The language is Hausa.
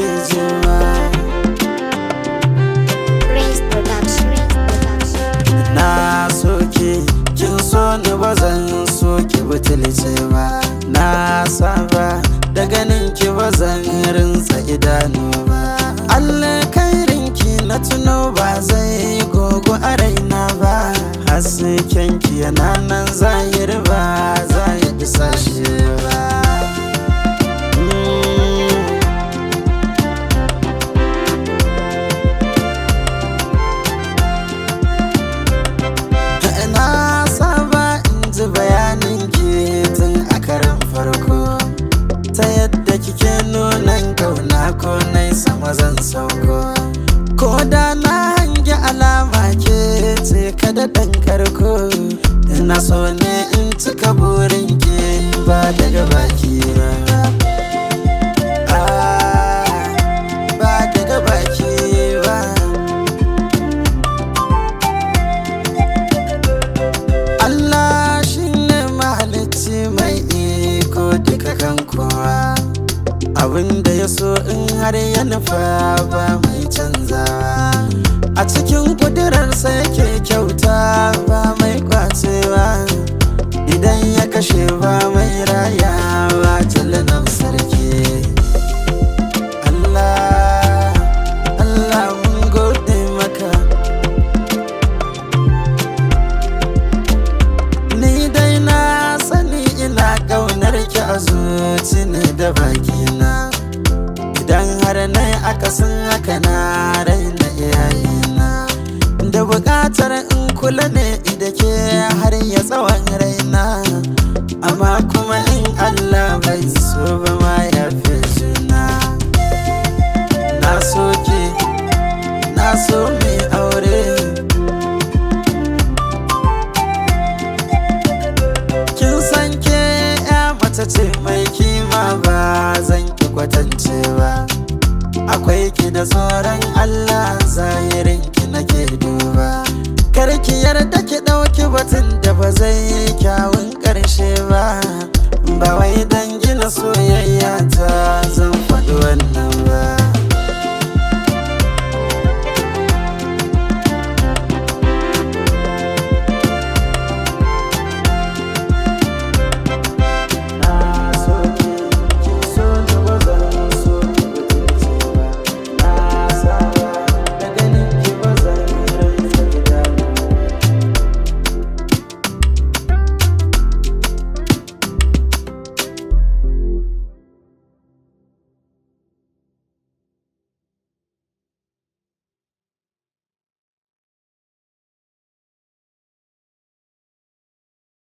nake jima na kin so ni ba zan butulce ba na saba da ganin ki rinsa idanu ba Allah kairin ki na tuno ba zai gogo a raina ba hasikenki ki yana nan zahir ba nan kauna ko nai sama zan sauko ko da na hangi alama ke ce ka da ɗan karko ina so ne in cika burin ke ba daga ba so in har ya nufa ba mai canzawa a cikin sa yake kyauta ba mai kwacewa idan ya kashe ba mai raya ba tulunan sarki Allah ni dai na sani ina ƙaunar zuci ne da baki aka san haka na raina iyayena da bukatar in kula ne da ke har ya tsawon raina amma kuma in Allah bai so ba ma ya fi na so ke na so akwai ki da tsoron Allah zahirin ki nake duba kar ki yarda ki ɗauki batun da ba zai yi kyawun ƙarshe ba ba wai dangi na so